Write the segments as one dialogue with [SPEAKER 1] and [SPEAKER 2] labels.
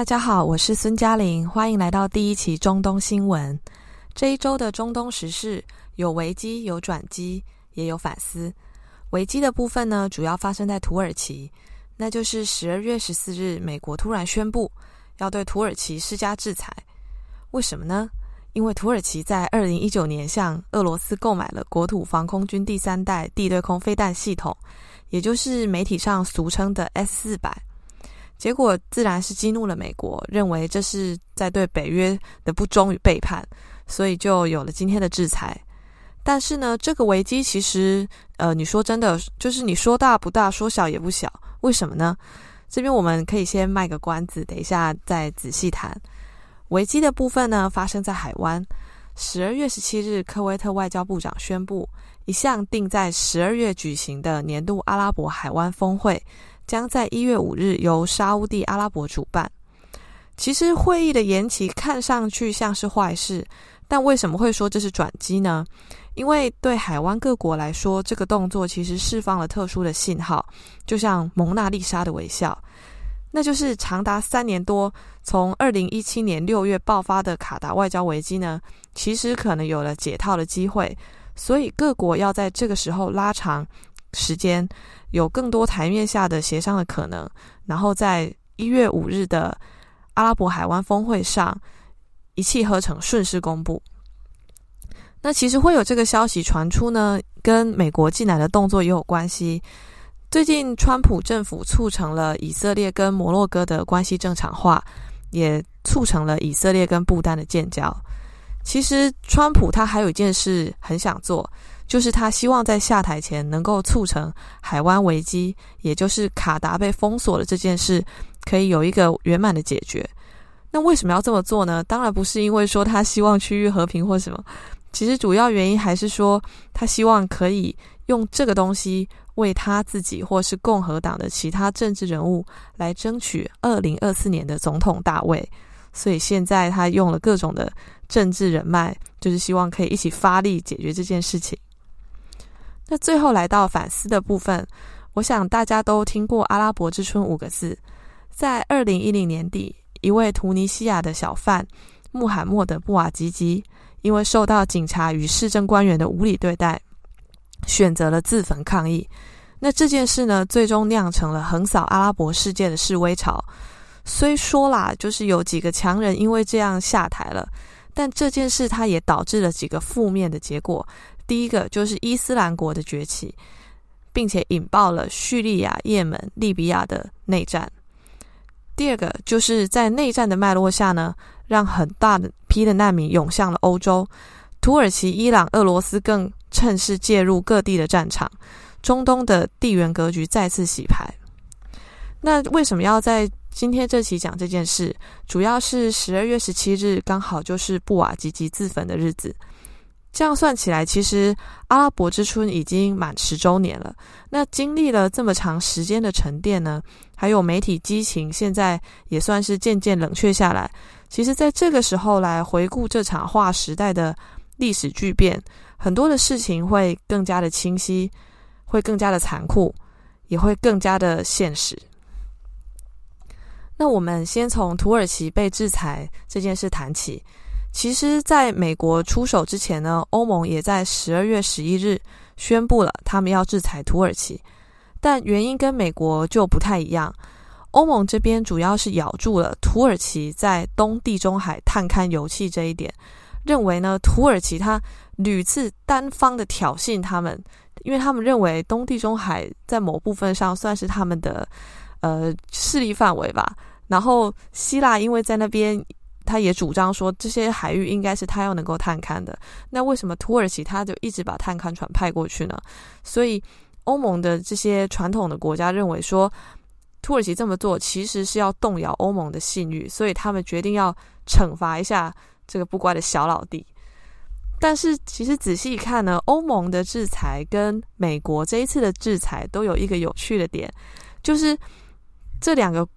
[SPEAKER 1] 大家好，我是孫嘉玲，歡迎來到第一期中東新聞。這一周的中東時事，有危機，有轉機，也有反思。危機的部分呢，主要發生在土耳其，那就是十二月十四日，美國突然宣布要對土耳其施加制裁。為什麼呢？因為土耳其在二零一九年向俄羅斯購買了國土防空軍第三代地對空飛彈系統，也就是媒體上俗稱的 S-400。結果自然是激怒了美國，認為這是在對北約的不忠與背叛，所以就有了今天的制裁。但是呢，這個危機其實，呃，你說真的，就是你說大不大，說小也不小。為什麼呢？這邊我們可以先賣個關子，等一下再仔細談。危機的部分呢，發生在海灣。十二月十七日，科威特外交部長宣布，一向定在十二月舉行的年度阿拉伯海灣峰會。將在一月五日由沙烏地阿拉伯主辦。其實會議的延期看上去像是壞事，但為什麼會說這是轉機呢？因為對海灣各國來說，這個動作其實釋放了特殊的信號，就像蒙娜麗莎的微笑，那就是長達三年多從二零一七年六月爆發的卡達外交危機呢，其實可能有了解套的機會，所以各國要在這個時候拉長。時間有更多台面下的協商的可能，然後在一月五日的阿拉伯海灣峰會上一氣呵成，順勢公布。那其實會有這個消息傳出呢，跟美國進來的動作也有關係。最近，川普政府促成了以色列跟摩洛哥的關係正常化，也促成了以色列跟不丹的建交。其實，川普他還有一件事很想做。就是他希望在下台前能夠促成海灣危機，也就是卡達被封鎖了這件事可以有一個圓滿的解決。那為什麼要這麼做呢？當然不是因為說他希望區域和平或什麼，其實主要原因還是說他希望可以用這個東西為他自己或是共和黨的其他政治人物來爭取二零二四年的總統大位。所以現在他用了各種的政治人脈，就是希望可以一起發力解決這件事情。那最後來到反思的部分，我想大家都聽過“阿拉伯之春”五個字。在二零一零年底，一位突尼西亞的小販穆罕默德·布瓦吉吉，因為受到警察與市政官員的無理對待，選擇了自焚抗議。那這件事呢，最終釀成了橫掃阿拉伯世界的示威潮。雖說啦，就是有幾個強人因為這樣下台了，但這件事它也導致了幾個負面的結果。第一個就是伊斯蘭國的崛起，並且引爆了敘利亞、也門、利比亞的內戰。第二個就是在內戰的脈絡下呢，讓很大的批的難民湧向了歐洲。土耳其、伊朗、俄羅斯更趁勢介入各地的戰場，中東的地緣格局再次洗牌。那為什麼要在今天這期講這件事？主要是十二月十七日剛好就是布瓦吉吉自焚的日子。這樣算起來，其實《阿拉伯之春》已經滿十周年了。那經歷了這麼長時間的沉澱呢，還有媒體激情，現在也算是漸漸冷卻下來。其實，在這個時候來回顧這場劃時代的歷史巨變，很多的事情會更加的清晰，會更加的殘酷，也會更加的現實。那我們先從土耳其被制裁這件事談起。其實，在美國出手之前呢，歐盟也在十二月十一日宣布了他們要制裁土耳其，但原因跟美國就不太一樣。歐盟這邊主要是咬住了土耳其在東地中海探勘油氣這一點，認為呢土耳其它屢次單方的挑釁他們，因為他們認為東地中海在某部分上算是他們的呃勢力範圍吧。然後希臘因為在那邊。他也主張說，這些海域應該是他要能夠探勘的。那為什麼土耳其他就一直把探勘船派過去呢？所以歐盟的這些傳統的國家認為說，土耳其這麼做其實是要動搖歐盟的信譽，所以他們決定要懲罰一下這個不乖的小老弟。但是其實仔細一看呢，歐盟的制裁跟美國這一次的制裁都有一個有趣的點，就是這兩個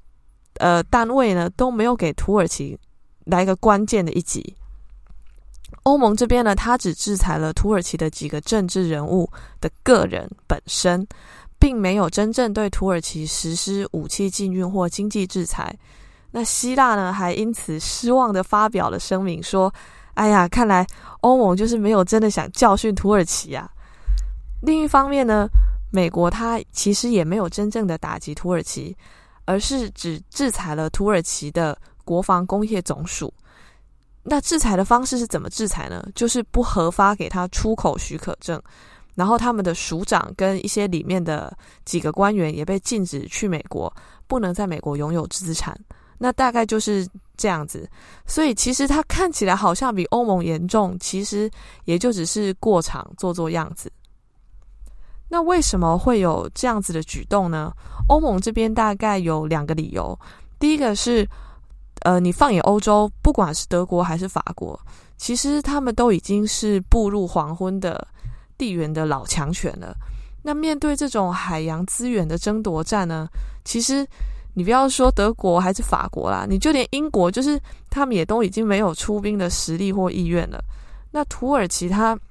[SPEAKER 1] 呃單位呢都沒有給土耳其。來一個關鍵的一集。歐盟這邊呢，他只制裁了土耳其的幾個政治人物的個人本身，並沒有真正對土耳其實施武器禁運或經濟制裁。那希臘呢，還因此失望的發表了聲明，說：“哎呀，看來歐盟就是沒有真的想教訓土耳其呀、啊。”另一方面呢，美國它其實也沒有真正的打擊土耳其，而是只制裁了土耳其的。國防工業總署，那制裁的方式是怎麼制裁呢？就是不核發給他出口許可證，然後他們的署長跟一些裡面的幾個官員也被禁止去美國，不能在美國擁有資產。那大概就是這樣子。所以其實他看起來好像比歐盟嚴重，其實也就只是過場做做樣子。那為什麼會有這樣子的舉動呢？歐盟這邊大概有兩個理由，第一個是。呃，你放眼歐洲，不管是德國還是法國，其實他們都已經是步入黃昏的地緣的老強權了。那面對這種海洋資源的爭奪戰呢？其實你不要說德國還是法國啦，你就連英國，就是他們也都已經沒有出兵的實力或意願了。那土耳其他，他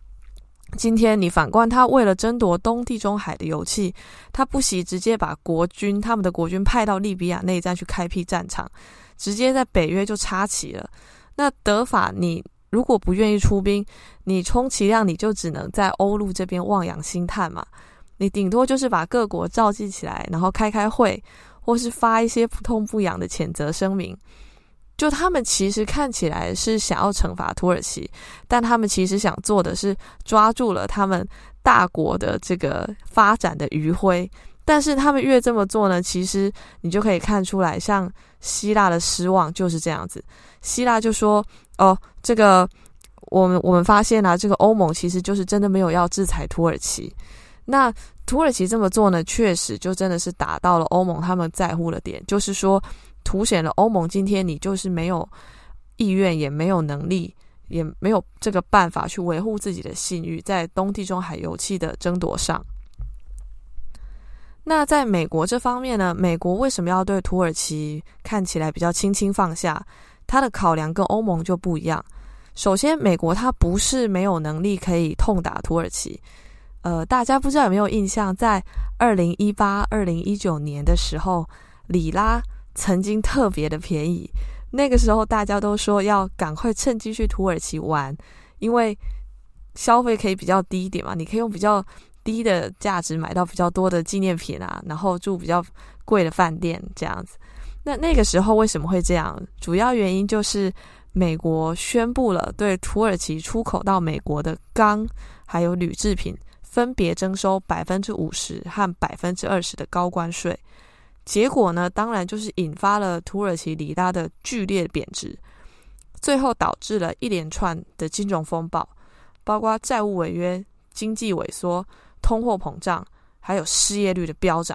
[SPEAKER 1] 今天你反觀他為了爭奪東地中海的油氣，他不惜直接把國軍他們的國軍派到利比亞內戰去開闢戰場。直接在北約就插旗了。那德法，你如果不願意出兵，你充其量你就只能在歐陸這邊望洋興嘆嘛。你頂多就是把各國召集起來，然後開開會，或是發一些不痛不癢的譴責聲明。就他們其實看起來是想要懲罰土耳其，但他們其實想做的是抓住了他們大國的這個發展的餘暉。但是他們越這麼做呢，其實你就可以看出來，像。希臘的失望，就是這樣子，希臘就說：“哦，這個，我們我們發現啊，這個歐盟其實就是真的沒有要制裁土耳其。那土耳其這麼做呢，確實就真的是打到了歐盟他們在乎的點，就是說凸顯了歐盟今天你就是沒有意願，也沒有能力，也沒有這個辦法去維護自己的信譽，在東地中海油氣的爭奪上。”那在美國這方面呢？美國為什麼要對土耳其看起來比較輕輕放下？它的考量跟歐盟就不一樣。首先，美國它不是沒有能力可以痛打土耳其。呃，大家不知道有沒有印象，在二零一八、二零一九年的時候，里拉曾經特別的便宜。那個時候大家都說要趕快趁機去土耳其玩，因為消費可以比較低一點嘛，你可以用比較低的價值買到比較多的紀念品啊，然後住比較貴的飯店這樣子。那那個時候為什麼會這樣？主要原因就是美國宣布了對土耳其出口到美國的鋼還有鋁製品分別徵收百分之五十和百分之二十的高關稅。結果呢，當然就是引發了土耳其里拉的劇烈貶值，最後導致了一連串的金融風暴，包括債務違約、經濟萎縮。通貨膨脹，還有失業率的飆漲，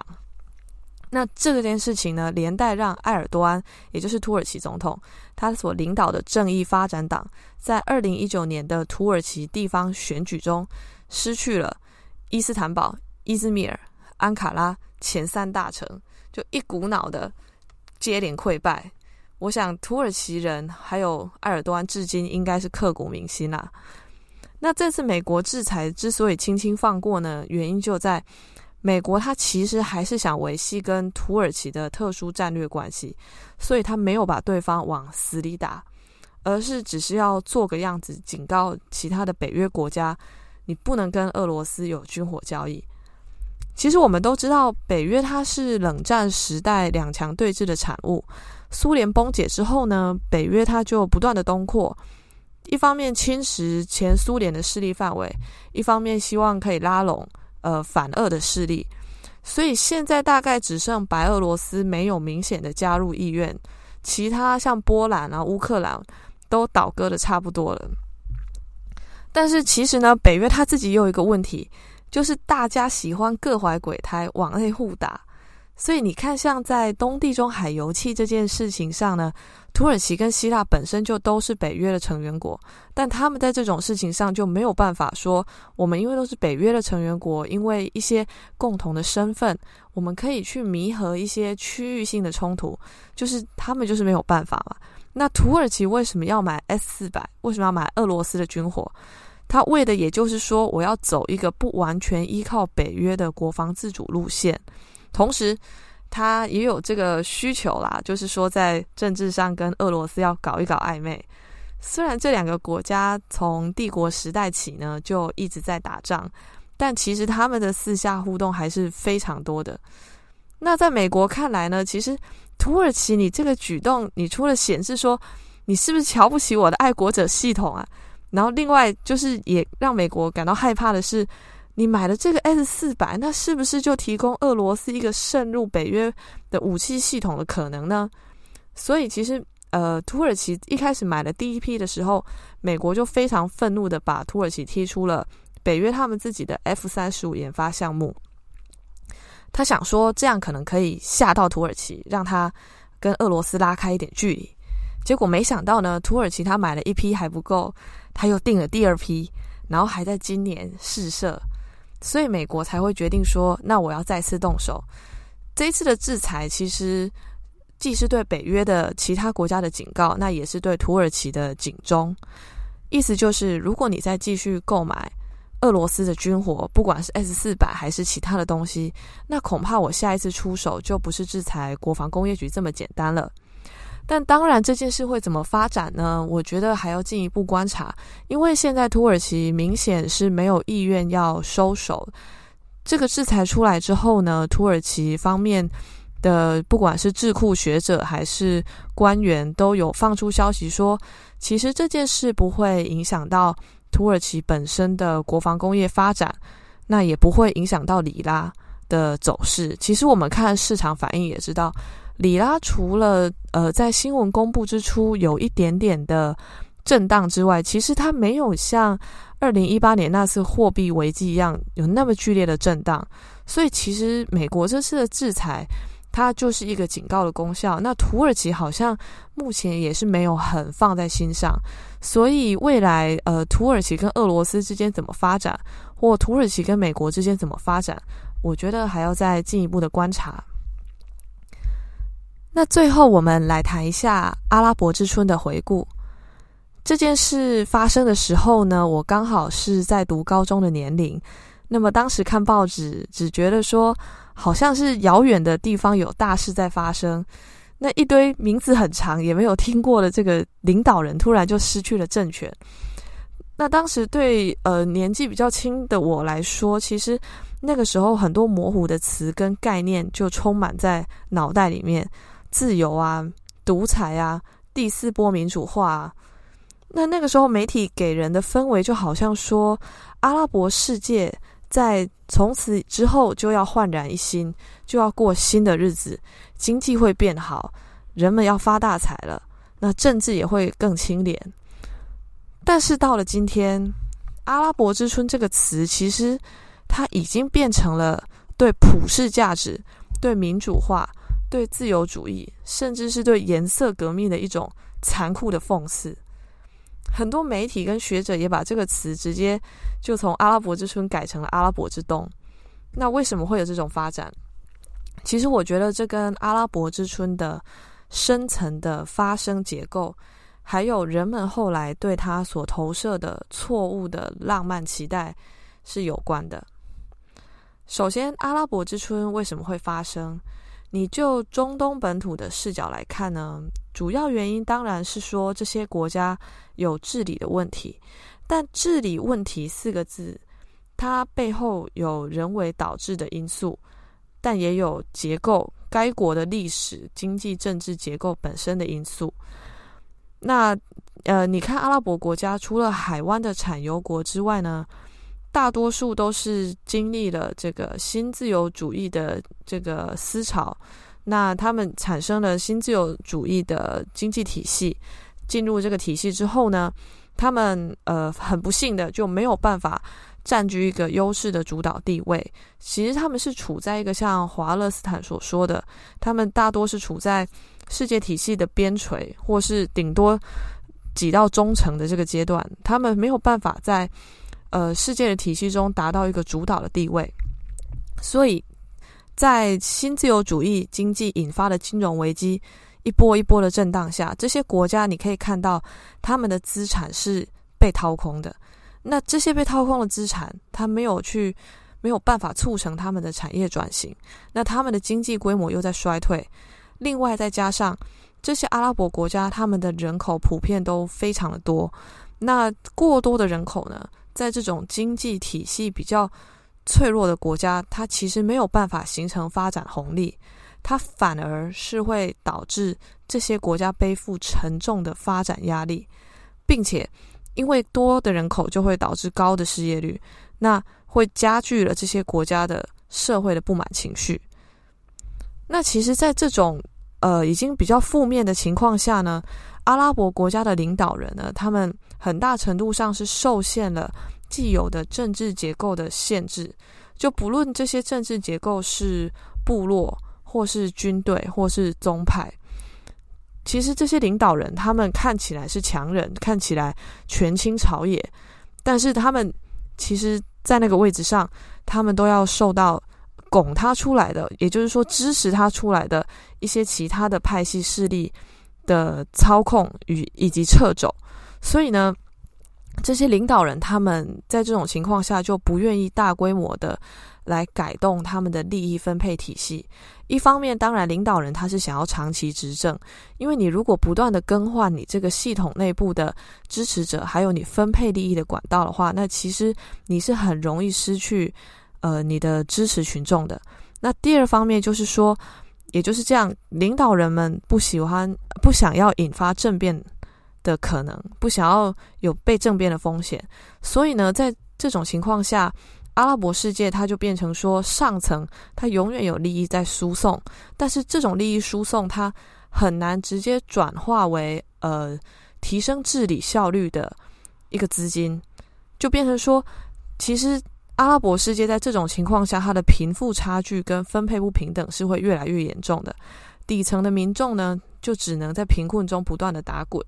[SPEAKER 1] 那這件事情呢，連帶讓埃爾多安，也就是土耳其總統，他所領導的正義發展黨，在二零一九年的土耳其地方選舉中，失去了伊斯坦堡、伊茲密爾、安卡拉前三大城，就一股腦的接連潰敗。我想土耳其人還有埃爾多安，至今應該是刻骨銘心啦、啊。那這次美國制裁之所以輕輕放過呢，原因就在美國，它其實還是想維繫跟土耳其的特殊戰略關係，所以它沒有把對方往死裡打，而是只是要做個樣子，警告其他的北約國家，你不能跟俄羅斯有軍火交易。其實我們都知道，北約它是冷戰時代兩強對峙的產物，蘇聯崩解之後呢，北約它就不斷的東擴。一方面侵蝕前蘇聯的勢力範圍，一方面希望可以拉攏呃反俄的勢力，所以現在大概只剩白俄羅斯沒有明顯的加入意願，其他像波蘭啊、烏克蘭都倒戈的差不多了。但是其實呢，北約他自己又有一個問題，就是大家喜歡各懷鬼胎，往內互打。所以你看，像在東地中海油氣這件事情上呢，土耳其跟希臘本身就都是北約的成員國，但他們在這種事情上就沒有辦法說，我們因為都是北約的成員國，因為一些共同的身份，我們可以去彌合一些區域性的衝突，就是他們就是沒有辦法嘛。那土耳其為什麼要買 S 四百？為什麼要買俄羅斯的軍火？他為的也就是說，我要走一個不完全依靠北約的國防自主路線。同時，他也有這個需求啦，就是說在政治上跟俄羅斯要搞一搞曖昧。雖然這兩個國家從帝國時代起呢就一直在打仗，但其實他們的私下互動還是非常多的。那在美國看來呢，其實土耳其你這個舉動，你除了顯示說你是不是瞧不起我的愛國者系統啊，然後另外就是也讓美國感到害怕的是。你買了這個 S-400，那是不是就提供俄羅斯一個滲入北約的武器系統的可能呢？所以其實，呃，土耳其一開始買了第一批的時候，美國就非常憤怒的把土耳其踢出了北約他們自己的 F-35 研發項目。他想說這樣可能可以嚇到土耳其，讓他跟俄羅斯拉開一點距離。結果沒想到呢，土耳其他買了一批還不夠，他又訂了第二批，然後還在今年試射。所以美國才會決定說，那我要再次動手。這一次的制裁其實既是對北約的其他國家的警告，那也是對土耳其的警鐘。意思就是，如果你再繼續購買俄羅斯的軍火，不管是 S-400 還是其他的東西，那恐怕我下一次出手就不是制裁國防工業局這麼簡單了。但當然，這件事會怎麼發展呢？我覺得還要進一步觀察，因為現在土耳其明顯是沒有意願要收手。這個制裁出來之後呢，土耳其方面的不管是智庫學者還是官員，都有放出消息說，其實這件事不會影響到土耳其本身的國防工業發展，那也不會影響到里拉的走勢。其實我們看市場反應也知道。里拉，除了呃在新聞公布之初有一點點的震盪之外，其實它沒有像二零一八年那次貨幣危機一樣有那麼劇烈的震盪。所以其實美國這次的制裁，它就是一個警告的功效。那土耳其好像目前也是沒有很放在心上。所以未來呃土耳其跟俄羅斯之間怎麼發展，或土耳其跟美國之間怎麼發展，我覺得還要再進一步的觀察。那最後，我們來談一下《阿拉伯之春》的回顧。這件事發生的時候呢，我剛好是在讀高中的年齡。那麼當時看報紙，只覺得說好像是遙遠的地方有大事在發生，那一堆名字很長，也沒有聽過的這個領導人突然就失去了政權。那當時對，呃，年紀比較輕的我來說，其實那個時候很多模糊的詞跟概念就充滿在腦袋裡面。自由啊，獨裁啊，第四波民主化啊。那那個時候，媒體給人的氛圍就好像說，阿拉伯世界在從此之後就要煥然一新，就要過新的日子，經濟會變好，人們要發大財了，那政治也會更清廉。但是到了今天，“阿拉伯之春”這個詞，其實它已經變成了對普世價值、對民主化。對自由主義，甚至是對顏色革命的一種殘酷的諷刺。很多媒體跟學者也把這個詞直接就從“阿拉伯之春”改成了“阿拉伯之冬”。那為什麼會有這種發展？其實，我覺得這跟“阿拉伯之春”的深層的發生結構，還有人們後來對它所投射的錯誤的浪漫期待是有關的。首先，“阿拉伯之春”為什麼會發生？你就中東本土的視角來看呢，主要原因當然是說，這些國家有治理的問題，但“治理問題”四個字，它背後有人為導致的因素，但也有結構，該國的歷史、經濟、政治結構本身的因素。那，呃，你看阿拉伯國家，除了海灣的產油國之外呢？大多數都是經歷了這個新自由主義的這個思潮，那他們產生了新自由主義的經濟體系。進入這個體系之後呢，他們呃很不幸的就沒有辦法佔據一個優勢的主導地位。其實他們是處在一個像華勒斯坦所說的，他們大多是處在世界體系的邊陲，或是頂多擠到中層的這個階段。他們沒有辦法在，呃，世界的體系中達到一個主導的地位，所以在新自由主義經濟引發的金融危機一波一波的震盪下，這些國家你可以看到他們的資產是被掏空的。那這些被掏空的資產，他沒有去，沒有辦法促成他們的產業轉型，那他們的經濟規模又在衰退。另外再加上這些阿拉伯國家，他們的人口普遍都非常的多，那過多的人口呢，在這種經濟體系比較脆弱的國家，它其實沒有辦法形成發展紅利，它反而是會導致這些國家背負沉重的發展壓力，並且因為多的人口就會導致高的失業率，那會加劇了這些國家的社會的不滿情緒。那其實在這種呃已經比較負面的情況下呢，阿拉伯國家的領導人呢，他們很大程度上是受限了既有的政治結構的限制，就不論這些政治結構是部落，或是軍隊，或是宗派。其實這些領導人，他們看起來是強人，看起來權傾朝野，但是他們其實，在那個位置上，他們都要受到拱他出來的，也就是說支持他出來的一些其他的派系勢力。的操控與以及掣肘。所以呢，這些領導人他們在這種情況下就不願意大規模的來改動他們的利益分配體系。一方面，當然領導人他是想要長期執政，因為你如果不斷的更換你這個系統內部的支持者，還有你分配利益的管道的話，那其實你是很容易失去呃你的支持群眾的。那第二方面就是說。也就是這樣，領導人們不喜歡、不想要引發政變的可能，不想要有被政變的風險，所以呢，在這種情況下，阿拉伯世界它就變成說，上層它永遠有利益在輸送，但是這種利益輸送它很難直接轉化為呃提升治理效率的一個資金，就變成說，其實。阿拉伯世界在這種情況下，它的貧富差距跟分配不平等是會越來越嚴重的。底層的民眾呢，就只能在貧困中不斷的打滾。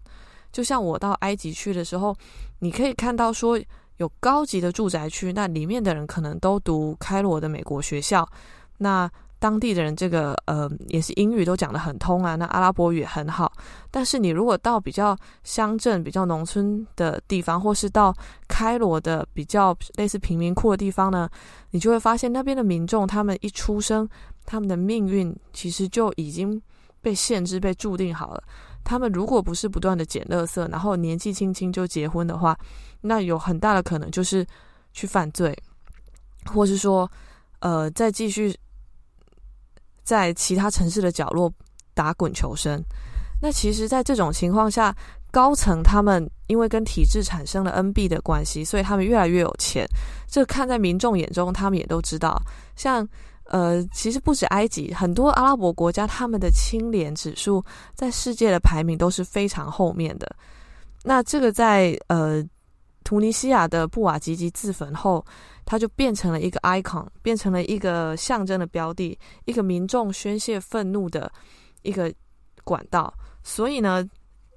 [SPEAKER 1] 就像我到埃及去的時候，你可以看到說有高級的住宅區，那裡面的人可能都讀開羅的美國學校。那當地的人，這個呃，也是英語都講得很通啊。那阿拉伯語也很好，但是你如果到比較鄉鎮、比較農村的地方，或是到開羅的比較類似貧民窟的地方呢，你就會發現那邊的民眾，他們一出生，他們的命運其實就已經被限制、被注定好了。他們如果不是不斷的撿垃圾，然後年紀輕輕就結婚的話，那有很大的可能就是去犯罪，或是說，呃，再繼續。在其他城市的角落打滾求生，那其實，在這種情況下，高層他們因為跟體制產生了恩庇的關係，所以他們越來越有錢。這個、看在民眾眼中，他們也都知道。像呃，其實不止埃及，很多阿拉伯國家，他們的清廉指數在世界的排名都是非常後面的。那這個在呃。突尼西亞的布瓦吉吉自焚後，他就變成了一個 icon，變成了一個象徵的標的，一個民眾宣洩憤怒的一個管道。所以呢，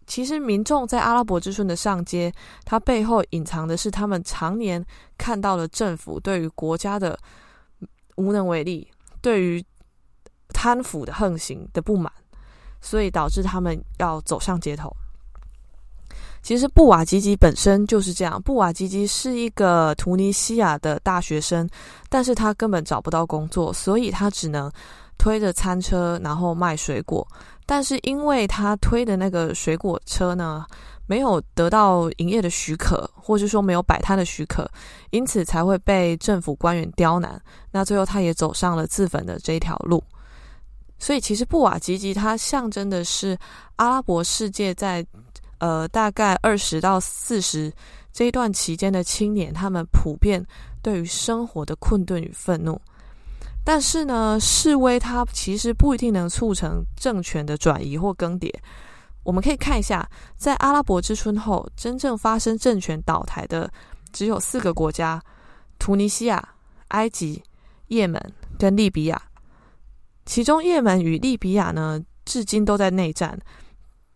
[SPEAKER 1] 其實民眾在阿拉伯之春的上街，它背後隱藏的是他們常年看到了政府對於國家的無能為力，對於貪腐的橫行的不滿，所以導致他們要走上街頭。其實布瓦吉吉本身就是這樣。布瓦吉吉是一個突尼西亞的大學生，但是他根本找不到工作，所以他只能推着餐車，然後賣水果。但是因為他推的那個水果車呢，沒有得到營業的許可，或是說沒有擺攤的許可，因此才會被政府官員刁難。那最後他也走上了自焚的這一條路。所以其實布瓦吉吉他象徵的是阿拉伯世界在呃，大概二十到四十這一段期間的青年，他們普遍對於生活的困頓與憤怒。但是呢，示威它其實不一定能促成政權的轉移或更迭。我們可以看一下，在阿拉伯之春後，真正發生政權倒台的只有四個國家：突尼西亞、埃及、葉門跟利比亞。其中，葉門與利比亞呢，至今都在內戰。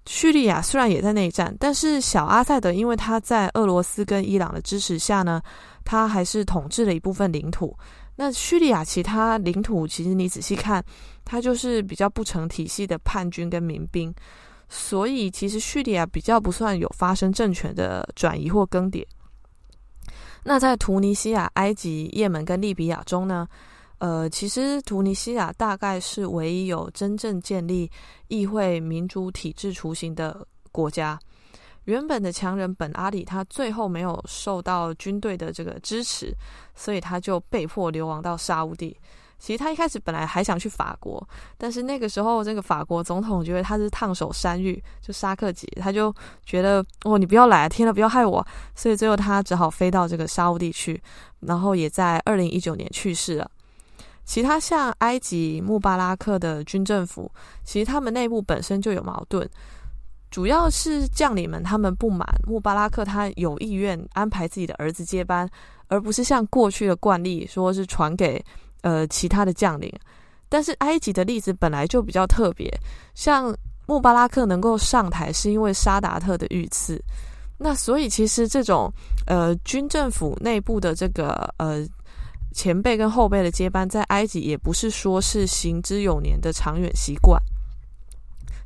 [SPEAKER 1] 敘利亞雖然也在內戰，但是小阿塞德因為他在俄羅斯跟伊朗的支持下呢，他還是統治了一部分領土。那敘利亞其他領土其實你仔細看，它就是比較不成體系的叛軍跟民兵，所以其實敘利亞比較不算有發生政權的轉移或更迭。那在突尼西亞、埃及、葉門跟利比亞中呢？呃，其實突尼西亞大概是唯一有真正建立議會民主體制雛形的國家。原本的強人本阿里，他最後沒有受到軍隊的這個支持，所以他就被迫流亡到沙烏地。其實他一開始本來還想去法國，但是那個時候這個法國總統覺得他是燙手山芋，就沙克吉，他就覺得哦，你不要來啊，天哪，不要害我，所以最後他只好飛到這個沙烏地去，然後也在二零一九年去世了。其他像埃及穆巴拉克的軍政府，其實他們內部本身就有矛盾，主要是將領們他們不滿穆巴拉克，他有意願安排自己的兒子接班，而不是像過去的慣例，說是傳給呃其他的將領。但是埃及的例子本來就比較特別，像穆巴拉克能夠上台，是因為沙達特的遇刺。那所以其實這種呃軍政府內部的這個呃。前輩跟後輩的接班在埃及也不是說是行之有年的長遠習慣，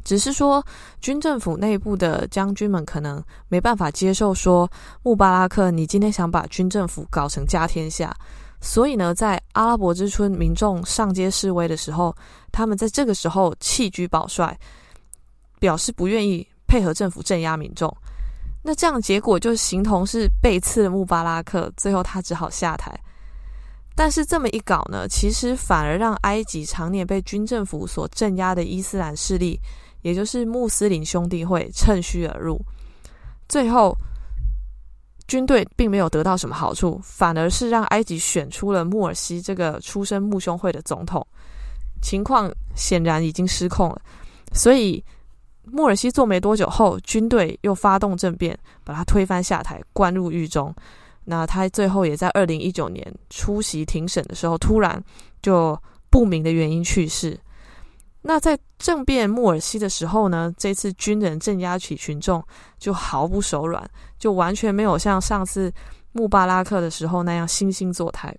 [SPEAKER 1] 只是說軍政府內部的將軍們可能沒辦法接受說穆巴拉克，你今天想把軍政府搞成家天下，所以呢，在阿拉伯之春民眾上街示威的時候，他們在這個時候棄車保帥，表示不願意配合政府鎮壓民眾。那這樣結果就形同是背刺了穆巴拉克，最後他只好下台。但是這麼一搞呢，其實反而讓埃及常年被軍政府所鎮壓的伊斯蘭勢力，也就是穆斯林兄弟會趁虛而入。最後，軍隊並沒有得到什麼好處，反而是讓埃及選出了穆爾西這個出身穆兄會的總統。情況顯然已經失控了，所以穆爾西做沒多久後，軍隊又發動政變，把他推翻下台，關入獄中。那他最後也在二零一九年出席庭審的時候，突然就不明的原因去世。那在政變穆爾西的時候呢，這次軍人鎮壓起群眾就毫不手軟，就完全沒有像上次穆巴拉克的時候那樣惺惺作態。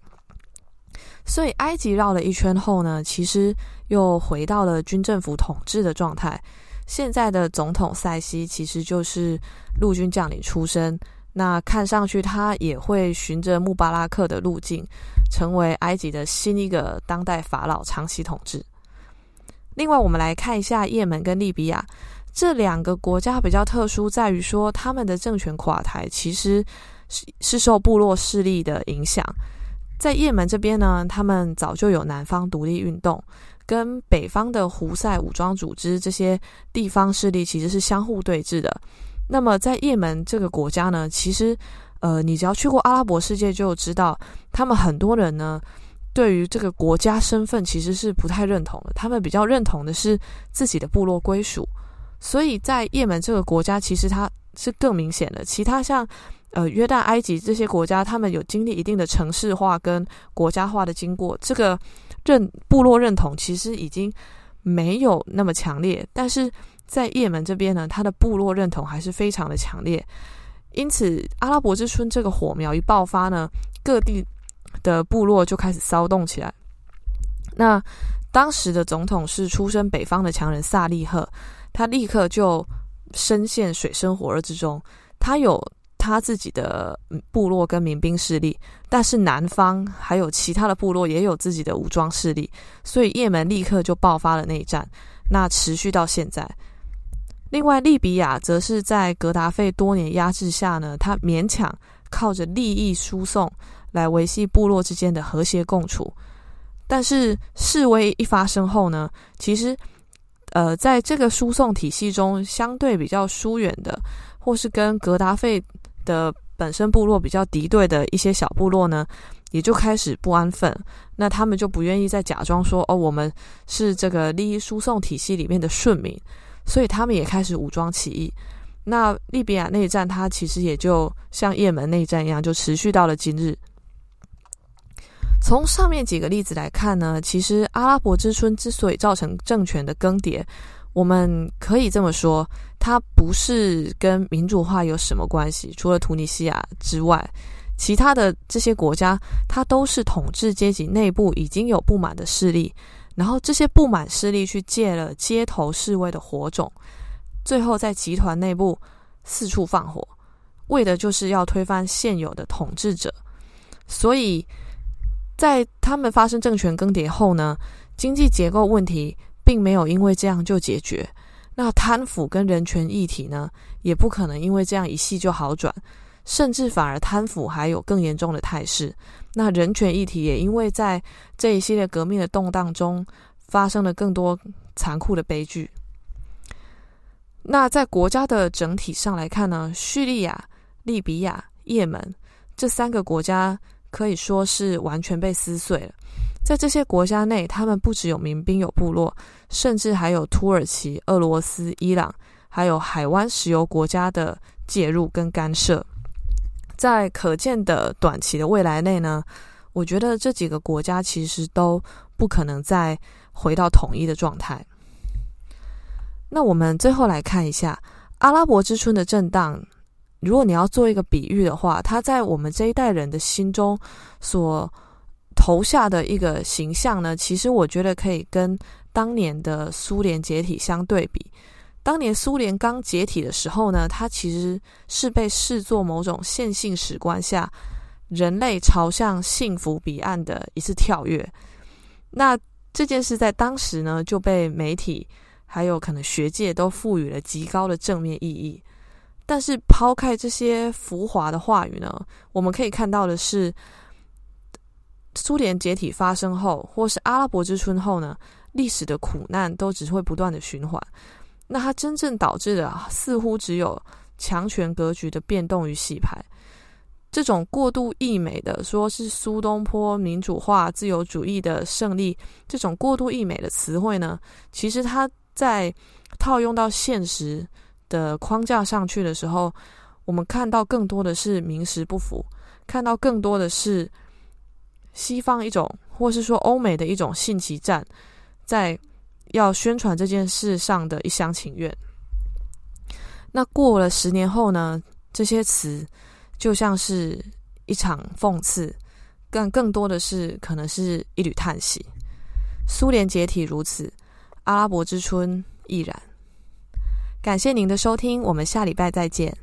[SPEAKER 1] 所以埃及繞了一圈後呢，其實又回到了軍政府統治的狀態。現在的總統塞西其實就是陸軍將領出身。那看上去，他也會循着穆巴拉克的路徑，成為埃及的新一個當代法老，長期統治。另外，我們來看一下葉門跟利比亞這兩個國家比較特殊，在於說他們的政權垮台其實是是受部落勢力的影響。在葉門這邊呢，他們早就有南方獨立運動，跟北方的胡塞武裝組織這些地方勢力其實是相互對峙的。那麼，在也門這個國家呢，其實，呃，你只要去過阿拉伯世界就知道，他們很多人呢，對於這個國家身份其實是不太認同的。他們比較認同的是自己的部落歸屬，所以在也門這個國家，其實它是更明顯的。其他像，呃，約旦、埃及這些國家，他們有經歷一定的城市化跟國家化的經過，這個認部落認同其實已經沒有那麼強烈，但是。在葉門這邊呢，他的部落認同還是非常的強烈，因此阿拉伯之春這個火苗一爆發呢，各地的部落就開始騷動起來。那當時的總統是出身北方的強人薩利赫，他立刻就深陷水深火熱之中。他有他自己的部落跟民兵勢力，但是南方還有其他的部落也有自己的武裝勢力，所以葉門立刻就爆發了內戰，那持續到現在。另外，利比亞則是在格達費多年壓制下呢，他勉強靠着利益輸送來維繫部落之間的和諧共處。但是，示威一發生後呢，其實，呃，在這個輸送體系中相對比較疏遠的，或是跟格達費的本身部落比較敵對的一些小部落呢，也就開始不安分。那他們就不願意再假裝說哦，我們是這個利益輸送體系裡面的順民。所以他們也開始武裝起義。那利比亞內戰，它其實也就像葉門內戰一樣，就持續到了今日。從上面幾個例子來看呢，其實阿拉伯之春之所以造成政權的更迭，我們可以這麼說，它不是跟民主化有什麼關係。除了突尼西亞之外，其他的這些國家，它都是統治階級內部已經有不滿的勢力。然後這些不滿勢力去借了街頭示威的火種，最後在集團內部四處放火，為的就是要推翻現有的統治者。所以，在他們發生政權更迭後呢，經濟結構問題並沒有因為這樣就解決，那貪腐跟人權議題呢，也不可能因為這樣一系就好轉，甚至反而貪腐還有更嚴重的態勢。那人權議題也因為在這一系列革命的動盪中，發生了更多殘酷的悲劇。那在國家的整體上來看呢，敘利亞、利比亞、葉門這三個國家可以說是完全被撕碎了。在這些國家內，他們不只有民兵、有部落，甚至還有土耳其、俄羅斯、伊朗，還有海灣石油國家的介入跟干涉。在可見的短期的未來內呢，我覺得這幾個國家其實都不可能再回到統一的狀態。那我們最後來看一下阿拉伯之春的震盪。如果你要做一個比喻的話，它在我們這一代人的心中所投下的一個形象呢，其實我覺得可以跟當年的蘇聯解體相對比。當年蘇聯剛解體的時候呢，它其實是被視作某種線性史觀下人類朝向幸福彼岸的一次跳躍。那這件事在當時呢，就被媒體還有可能學界都賦予了極高的正面意義。但是拋開這些浮華的話語呢，我們可以看到的是，蘇聯解體發生後，或是阿拉伯之春後呢，歷史的苦難都只會不斷地循環。那它真正導致的、啊、似乎只有強權格局的變動與洗牌。這種過度溢美的，說是蘇東波民主化、自由主義的勝利，這種過度溢美的詞彙呢，其實它在套用到現實的框架上去的時候，我們看到更多的是名實不符，看到更多的是西方一種，或是說歐美的一種信息戰，在。要宣傳這件事上的一廂情願，那過了十年後呢？這些詞就像是一場諷刺，但更，更多的是可能是一縷嘆息。蘇聯解體如此，阿拉伯之春亦然。感謝您的收聽，我們下禮拜再見。